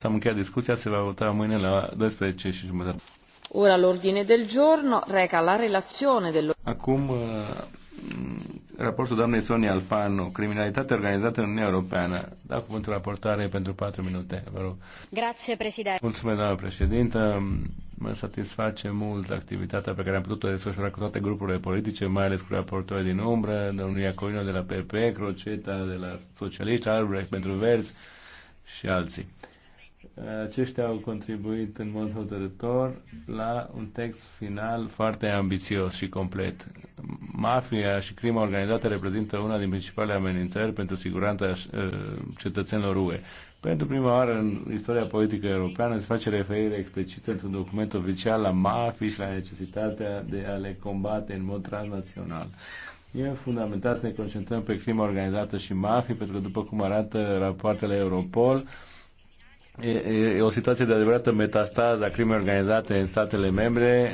S-am încheiat discuția, se va vota mâine la 12 și jumătate. Ora l'ordine del giorno reca la relazione del... Acum, uh, raportul doamnei Sonia Alfano, criminalitate organizată în Uniunea Europeană. Da cuvântul raportare pentru 4 minute, vă rog. Grazie, președinte. Mulțumesc, doamnă președintă. Mă satisface mult activitatea pe care am putut-o desfășura cu toate grupurile politice, mai ales cu raportorii din umbră, domnul Iacolino de la PP, Croceta de la Socialiști, Albrecht pentru Verzi și alții. Aceștia au contribuit în mod hotărător la un text final foarte ambițios și complet. Mafia și crima organizată reprezintă una din principalele amenințări pentru siguranța uh, cetățenilor UE. Pentru prima oară în istoria politică europeană se face referire explicită într-un document oficial la mafii și la necesitatea de a le combate în mod transnațional. E fundamental să ne concentrăm pe crima organizată și mafii, pentru că, după cum arată rapoartele Europol, E, e o situație de adevărată metastază a crimei organizate în statele membre,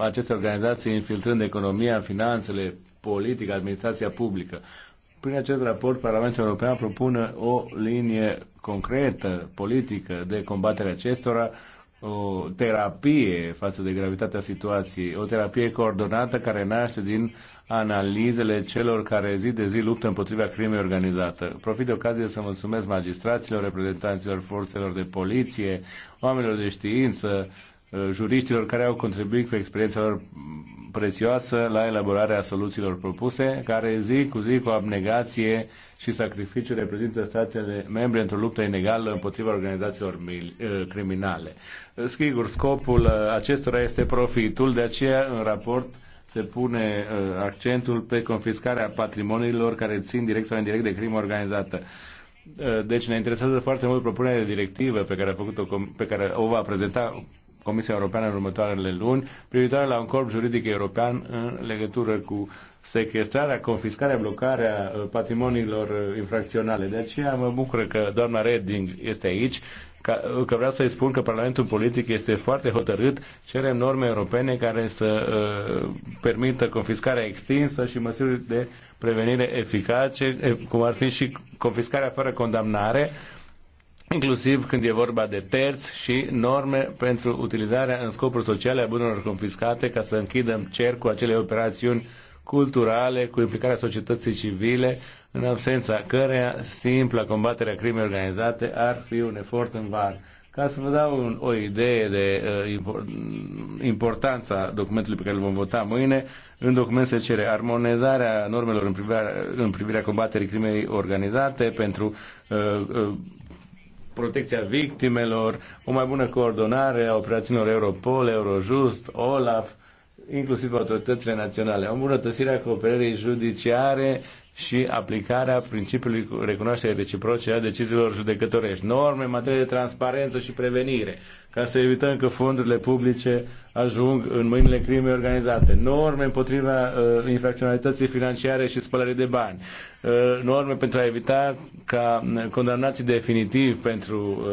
aceste organizații infiltrând economia, finanțele, politica, administrația publică. Prin acest raport, Parlamentul European propune o linie concretă, politică, de combatere acestora, o terapie față de gravitatea situației, o terapie coordonată care naște din analizele celor care zi de zi luptă împotriva crimei organizate. Profit de ocazie să mulțumesc magistraților, reprezentanților forțelor de poliție, oamenilor de știință, uh, juriștilor care au contribuit cu experiența lor prețioasă la elaborarea soluțiilor propuse, care zi cu zi cu abnegație și sacrificiu reprezintă statele membre într-o luptă inegală împotriva organizațiilor uh, criminale. Sigur, scopul uh, acestora este profitul, de aceea în raport se pune uh, accentul pe confiscarea patrimoniilor care țin direct sau indirect de crimă organizată. Uh, deci ne interesează foarte mult propunerea de directivă pe care, a făcut-o, pe care o va prezenta Comisia Europeană în următoarele luni privitoare la un corp juridic european în legătură cu sequestrarea, confiscarea, blocarea uh, patrimoniilor uh, infracționale. De aceea mă bucur că doamna Reding este aici ca, uh, că vreau să-i spun că Parlamentul Politic este foarte hotărât, cerem norme europene care să uh, permită confiscarea extinsă și măsuri de prevenire eficace, cum ar fi și confiscarea fără condamnare, uh, inclusiv când e vorba de terți și norme pentru utilizarea în scopuri sociale a bunurilor confiscate ca să închidem cercul acelei operațiuni culturale cu implicarea societății civile, în absența căreia simpla combaterea crimei organizate ar fi un efort în var. Ca să vă dau un, o idee de uh, importanța documentului pe care îl vom vota mâine, în document se cere armonizarea normelor în privirea, în privirea combaterii crimei organizate pentru uh, uh, protecția victimelor, o mai bună coordonare a operațiunilor Europol, Eurojust, OLAF, inclusiv autoritățile naționale, o îmbunătățire a cooperării judiciare și aplicarea principiului recunoașterii reciproce a deciziilor judecătorești, norme în materie de transparență și prevenire, ca să evităm că fondurile publice ajung în mâinile crimei organizate, norme împotriva uh, infracționalității financiare și spălării de bani, uh, norme pentru a evita ca condamnații definitiv pentru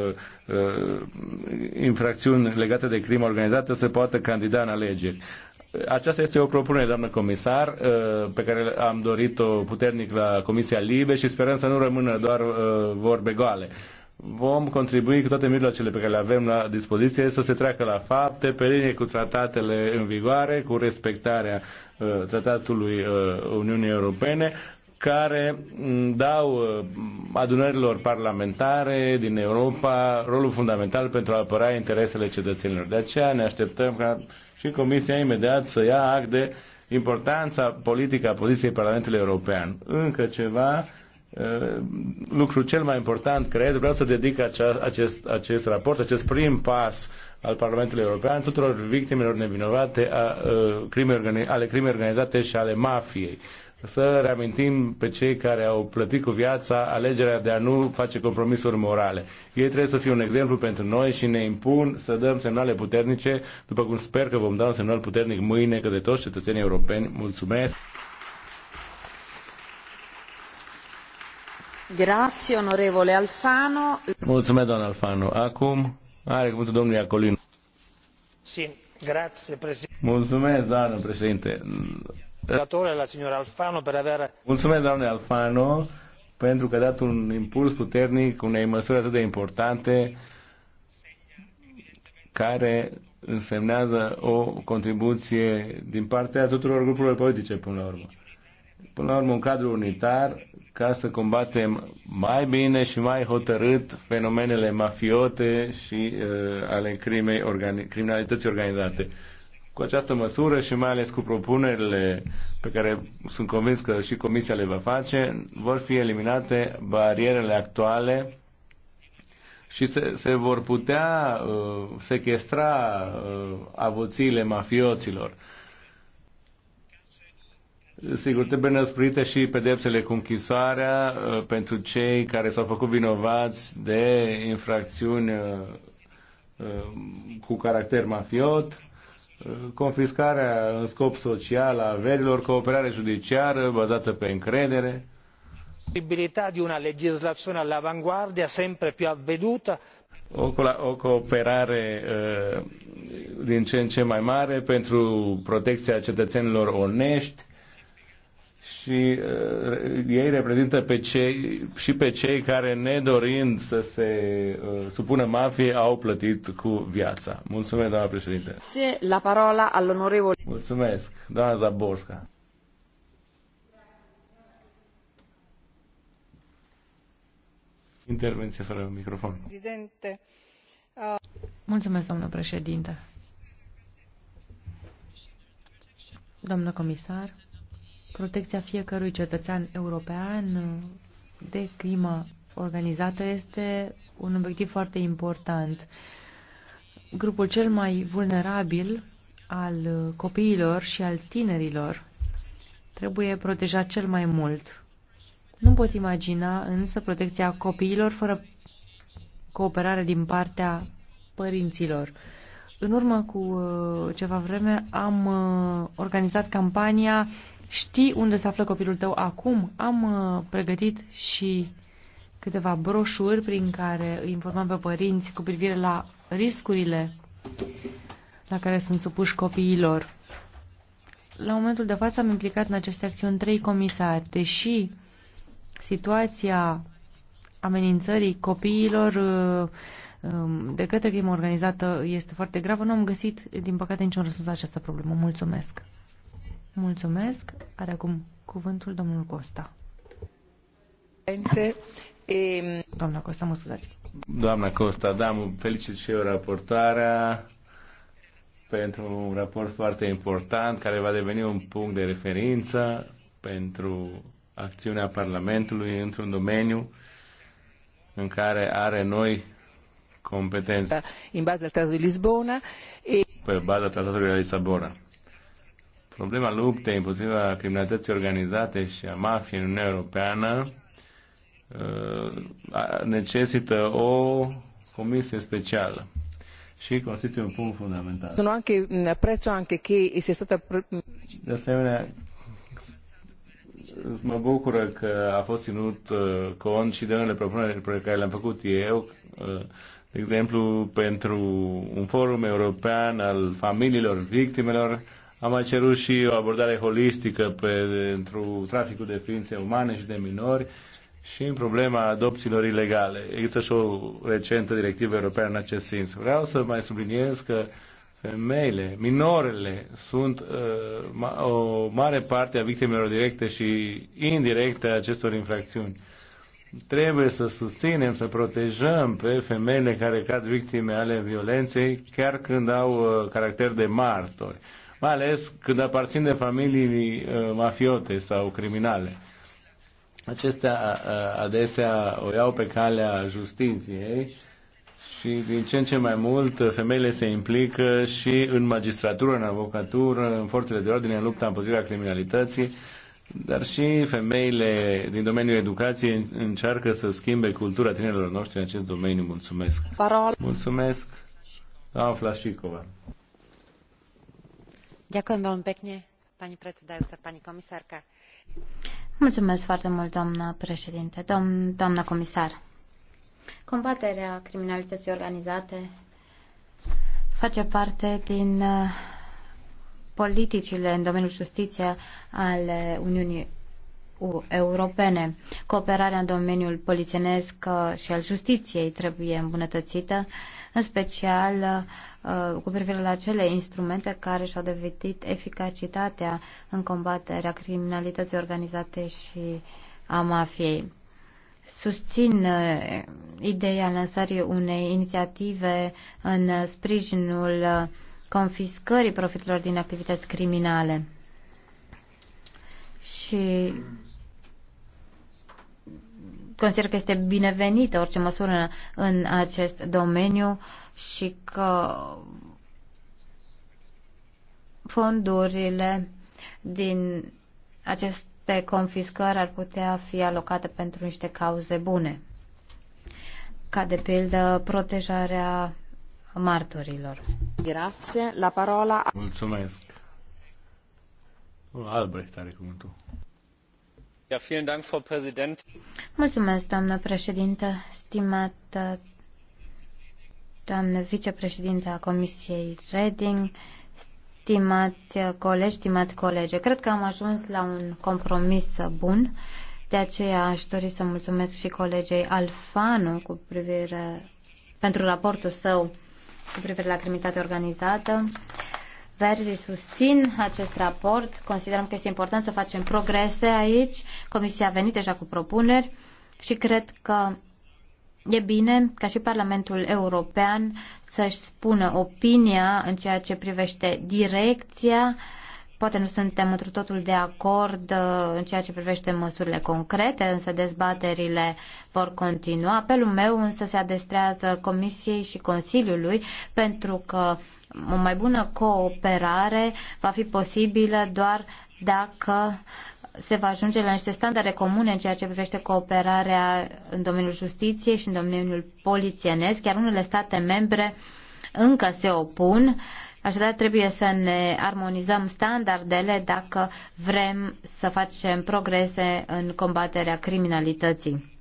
uh, uh, infracțiuni legate de crimă organizată să poată candida în alegeri. Aceasta este o propunere, doamnă comisar, uh, pe care am dorit-o puternic la Comisia Libe și sperăm să nu rămână doar uh, vorbe goale vom contribui cu toate mijloacele pe care le avem la dispoziție să se treacă la fapte pe linie cu tratatele în vigoare, cu respectarea uh, tratatului uh, Uniunii Europene, care mm, dau uh, adunărilor parlamentare din Europa rolul fundamental pentru a apăra interesele cetățenilor. De aceea ne așteptăm ca și Comisia imediat să ia act de importanța politică a poziției Parlamentului European. Încă ceva Uh, lucru cel mai important, cred, vreau să dedic acea, acest, acest raport, acest prim pas al Parlamentului European tuturor victimelor nevinovate a, a, uh, crime ale crimei organizate și ale mafiei. Să reamintim pe cei care au plătit cu viața alegerea de a nu face compromisuri morale. Ei trebuie să fie un exemplu pentru noi și ne impun să dăm semnale puternice, după cum sper că vom da un semnal puternic mâine către toți cetățenii europeni. Mulțumesc! Grazie, onorevole Alfano. Mulțumesc, doamna Alfano. Acum are cuvântul domnul Iacolino. Sì, grazie, președinte. Mulțumesc, doamnă președinte. La signora Alfano per aver... Mulțumesc, doamne Alfano, pentru că a dat un impuls puternic unei măsuri atât de importante care însemnează o contribuție din partea tuturor grupurilor politice, până la urmă. Până la urmă, un cadru unitar ca să combatem mai bine și mai hotărât fenomenele mafiote și uh, ale crimei organi- criminalității organizate. Cu această măsură și mai ales cu propunerile pe care sunt convins că și Comisia le va face, vor fi eliminate barierele actuale și se, se vor putea uh, sequestra uh, avuțiile mafioților. Uh, Sigur, trebuie năsprite și pedepsele cu închisoarea uh, pentru cei care s-au făcut vinovați de infracțiuni uh, uh, cu caracter mafiot, confiscarea în scop social a averilor, cooperare judiciară bazată pe încredere. Posibilitatea de una la all'avanguardia sempre più avveduta o, o cooperare uh, din ce în ce mai mare pentru protecția cetățenilor onești, și uh, ei reprezintă pe cei, și pe cei care, nedorind să se uh, supună mafie, au plătit cu viața. Mulțumesc, doamna președinte. Se la parola all'onorevole. Mulțumesc, doamna Zaborska. Intervenție fără microfon. Presidente. Uh... Mulțumesc, doamnă președinte. Doamnă comisar, Protecția fiecărui cetățean european de crimă organizată este un obiectiv foarte important. Grupul cel mai vulnerabil al copiilor și al tinerilor trebuie protejat cel mai mult. Nu pot imagina însă protecția copiilor fără cooperare din partea părinților. În urmă cu uh, ceva vreme am uh, organizat campania Știi unde se află copilul tău acum? Am uh, pregătit și câteva broșuri prin care îi informăm pe părinți cu privire la riscurile la care sunt supuși copiilor. La momentul de față am implicat în aceste acțiuni trei comisari, deși situația amenințării copiilor uh, um, de către crimă organizată este foarte gravă. Nu am găsit, din păcate, niciun răspuns la această problemă. Mulțumesc! Mulțumesc. Are acum cuvântul domnul Costa. Ehm, doamna Costa, mă scuzați. Doamna Costa, da, felicit și eu raportarea pentru un raport foarte important care va deveni un punct de referință pentru acțiunea Parlamentului într-un domeniu în care are noi competență. În baza Tratatului Lisbona. Pe baza Tratatului Lisabona Problema luptei împotriva criminalității organizate și a mafiei în Uniunea Europeană uh, necesită o comisie specială și constituie un punct fundamental. Sunt anche, mm, prețul anche che sia stata... De asemenea, mă bucură că a fost ținut uh, cont și de unele propuneri pe care le-am făcut eu, uh, de exemplu, pentru un forum european al familiilor victimelor am mai cerut și o abordare holistică pentru traficul de ființe umane și de minori și în problema adopțiilor ilegale. Există și o recentă directivă europeană în acest sens. Vreau să mai subliniez că femeile, minorele, sunt uh, ma- o mare parte a victimelor directe și indirecte a acestor infracțiuni. Trebuie să susținem, să protejăm pe femeile care cad victime ale violenței, chiar când au uh, caracter de martori. Uh, mai ales când aparțin de familii uh, mafiote sau criminale. Acestea uh, adesea o iau pe calea justiției și din ce în ce mai mult femeile se implică și în magistratură, în avocatură, în forțele de ordine, în lupta împotriva criminalității, dar și femeile din domeniul educației încearcă să schimbe cultura tinerilor noștri în acest domeniu. Mulțumesc! Parol. Mulțumesc! Am Flașicova! Mulțumesc foarte mult, președinte, comisar. Combaterea criminalității organizate face parte din uh, politicile în domeniul justiției ale Uniunii europene. Cooperarea în domeniul polițienesc uh, și al justiției trebuie îmbunătățită în special uh, cu privire la cele instrumente care și-au dovedit eficacitatea în combaterea criminalității organizate și a mafiei. Susțin uh, ideea lansării unei inițiative în sprijinul uh, confiscării profiturilor din activități criminale. Și consider că este binevenită orice măsură în acest domeniu și că fondurile din aceste confiscări ar putea fi alocate pentru niște cauze bune, ca de pildă protejarea martorilor. Grație. La parola... Mulțumesc. Albrecht are cuvântul. Mulțumesc, doamnă președintă, stimată uh, doamnă vicepreședinte a Comisiei Reding, stimați uh, colegi, stimați colegi. Cred că am ajuns la un compromis bun. De aceea aș dori să mulțumesc și colegei Alfano cu privire pentru raportul său cu privire la criminalitate organizată. Verzi susțin acest raport, considerăm că este important să facem progrese aici. Comisia a venit deja cu propuneri și cred că e bine ca și Parlamentul European să-și spună opinia în ceea ce privește direcția. Poate nu suntem într totul de acord uh, în ceea ce privește măsurile concrete, însă dezbaterile vor continua. Apelul meu însă se adestrează Comisiei și Consiliului pentru că o mai bună cooperare va fi posibilă doar dacă se va ajunge la niște standarde comune în ceea ce privește cooperarea în domeniul justiției și în domeniul polițienesc. Chiar unele state membre încă se opun. Așadar, trebuie să ne armonizăm standardele dacă vrem să facem progrese în combaterea criminalității.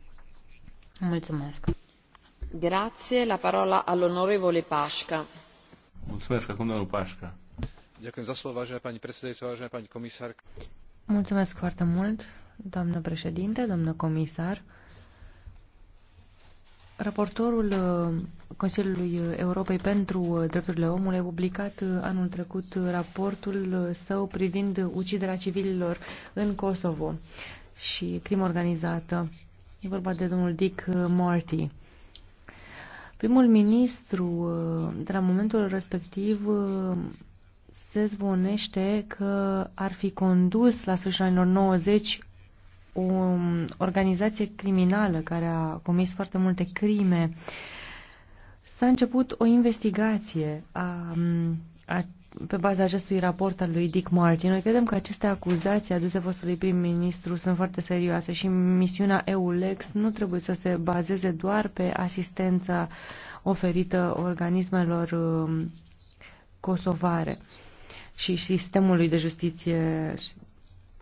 Mulțumesc. Grazie, la parola all'onorevole Pasca. Mulțumesc. Acum domnul Pașca. Mulțumesc foarte mult, doamnă președinte, doamnă comisar. Raportorul uh, Consiliului Europei pentru uh, Drepturile Omului a publicat uh, anul trecut raportul său privind uciderea civililor în Kosovo și crimă organizată. E vorba de domnul Dick Marty. Primul ministru, uh, de la momentul respectiv, uh, se zvonește că ar fi condus la sfârșitul anilor 90 o um, organizație criminală care a comis foarte multe crime. S-a început o investigație a, um, a pe baza acestui raport al lui Dick Martin. Noi credem că aceste acuzații aduse fostului prim-ministru sunt foarte serioase și misiunea EULEX nu trebuie să se bazeze doar pe asistența oferită organismelor um, kosovare și sistemului de justiție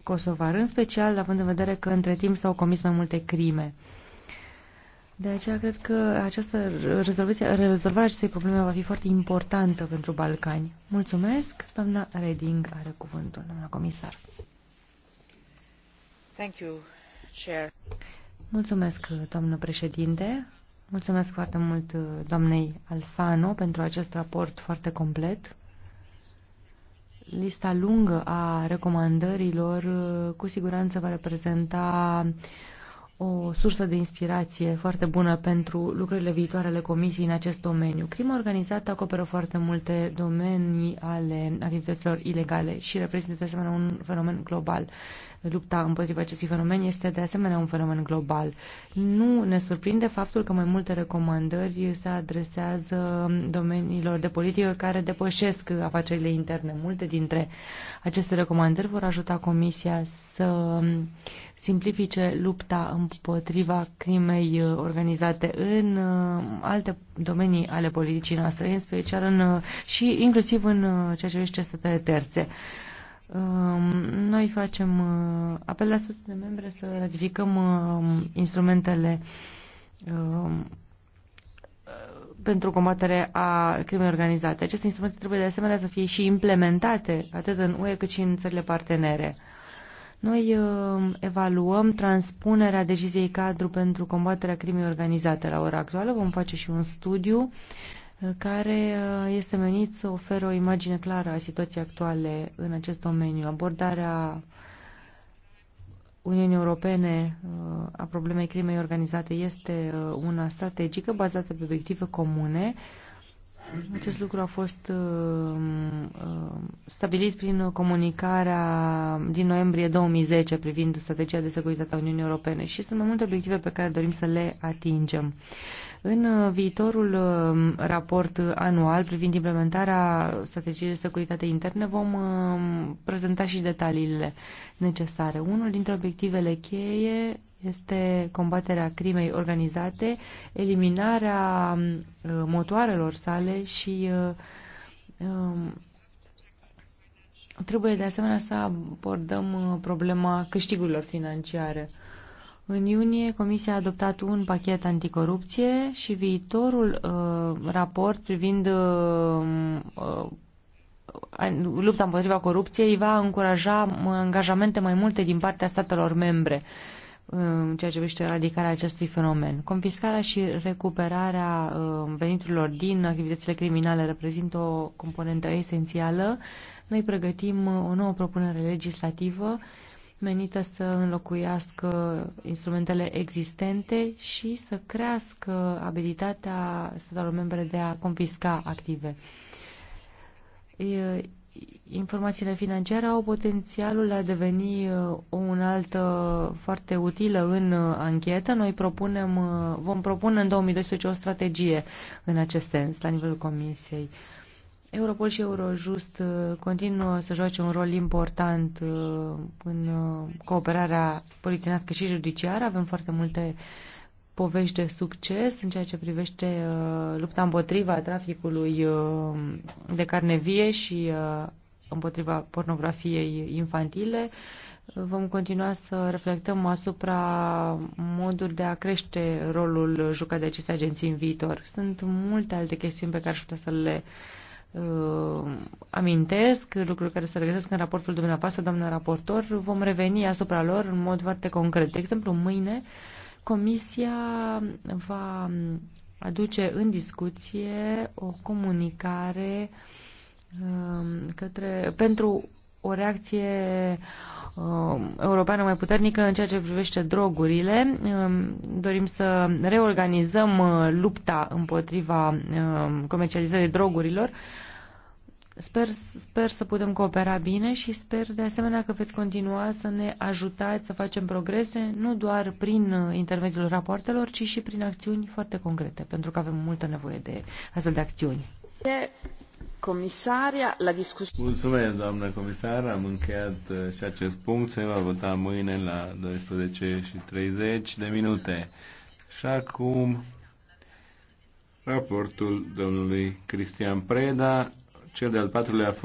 kosovar, în special având în vedere că între timp s-au comis mai multe crime. De aceea cred că această rezolvare acestei probleme va fi foarte importantă pentru Balcani. Mulțumesc. Doamna Reding are cuvântul, doamna comisar. Thank you, Chair. Mulțumesc, doamnă președinte. Mulțumesc foarte mult doamnei Alfano pentru acest raport foarte complet. Lista lungă a recomandărilor cu siguranță va reprezenta uh, o sursă de inspirație foarte bună pentru lucrurile viitoare ale Comisiei în acest domeniu. Crima organizată acoperă foarte multe domenii ale activităților ilegale și reprezintă de asemenea un fenomen global lupta împotriva acestui fenomen este de asemenea un fenomen global. Nu ne surprinde faptul că mai multe recomandări se adresează domeniilor de politică care depășesc afacerile interne. Multe dintre aceste recomandări vor ajuta Comisia să simplifice lupta împotriva crimei organizate în uh, alte domenii ale politicii noastre, în special în, uh, și inclusiv în uh, ceea ce privește statele terțe. Um, noi facem uh, apel la statele membre să ratificăm um, instrumentele um, pentru combaterea a crimei organizate. Aceste instrumente trebuie de asemenea să fie și implementate atât în UE cât și în țările partenere. Noi uh, evaluăm transpunerea deciziei cadru pentru combaterea crimei organizate la ora actuală. Vom face și un studiu care uh, este menit să oferă o imagine clară a situației actuale în acest domeniu. Abordarea Uniunii Europene uh, a problemei crimei organizate este uh, una strategică bazată pe obiective comune acest lucru a fost uh, uh, stabilit prin comunicarea din noiembrie 2010 privind strategia de securitate a Uniunii Europene și sunt mai multe obiective pe care dorim să le atingem. În uh, viitorul uh, raport anual privind implementarea strategiei de securitate interne vom uh, prezenta și detaliile necesare. Unul dintre obiectivele cheie este combaterea crimei organizate, eliminarea um, motoarelor sale și uh, um, trebuie de asemenea să abordăm uh, problema câștigurilor financiare. În iunie, Comisia a adoptat un pachet anticorupție și viitorul uh, raport privind uh, uh, lupta împotriva corupției va încuraja uh, angajamente mai multe din partea statelor membre. Uh, în ceea ce privește eradicarea acestui fenomen. Confiscarea și recuperarea um, veniturilor din activitățile criminale reprezintă o componentă esențială. Noi pregătim uh, o nouă propunere legislativă menită să înlocuiască instrumentele existente și să crească abilitatea statelor membre de a confisca active informațiile financiare au potențialul de a deveni o uh, unaltă foarte utilă în uh, anchetă. Noi propunem, uh, vom propune în 2012 o strategie în acest sens la nivelul Comisiei. Europol și Eurojust continuă să joace un rol important în cooperarea polițienească și judiciară. Avem foarte multe uh, povești de succes în ceea ce privește uh, lupta împotriva traficului uh, de carne vie și uh, împotriva pornografiei infantile. Vom continua să reflectăm asupra moduri de a crește rolul jucat de aceste agenții în viitor. Sunt multe alte chestiuni pe care aș putea să le uh, amintesc, lucruri care se regăsesc în raportul dumneavoastră, doamnă raportor. Vom reveni asupra lor în mod foarte concret. De exemplu, mâine uh, Comisia va aduce în discuție o comunicare um, către, pentru o reacție um, europeană mai puternică în ceea ce privește drogurile. Um, dorim să reorganizăm uh, lupta împotriva comercializării drogurilor Sper, sper să putem coopera bine și sper de asemenea că veți continua să ne ajutați să facem progrese, nu doar prin uh, intermediul rapoartelor, ci și prin acțiuni foarte concrete, pentru că avem multă nevoie de astfel de acțiuni. Comisaria, la discuție. Mulțumesc, doamnă comisar. Am încheiat uh, și acest punct. Se va vota mâine la 12 și 30 de minute. Și acum raportul domnului Cristian Preda cel de-al patrulea for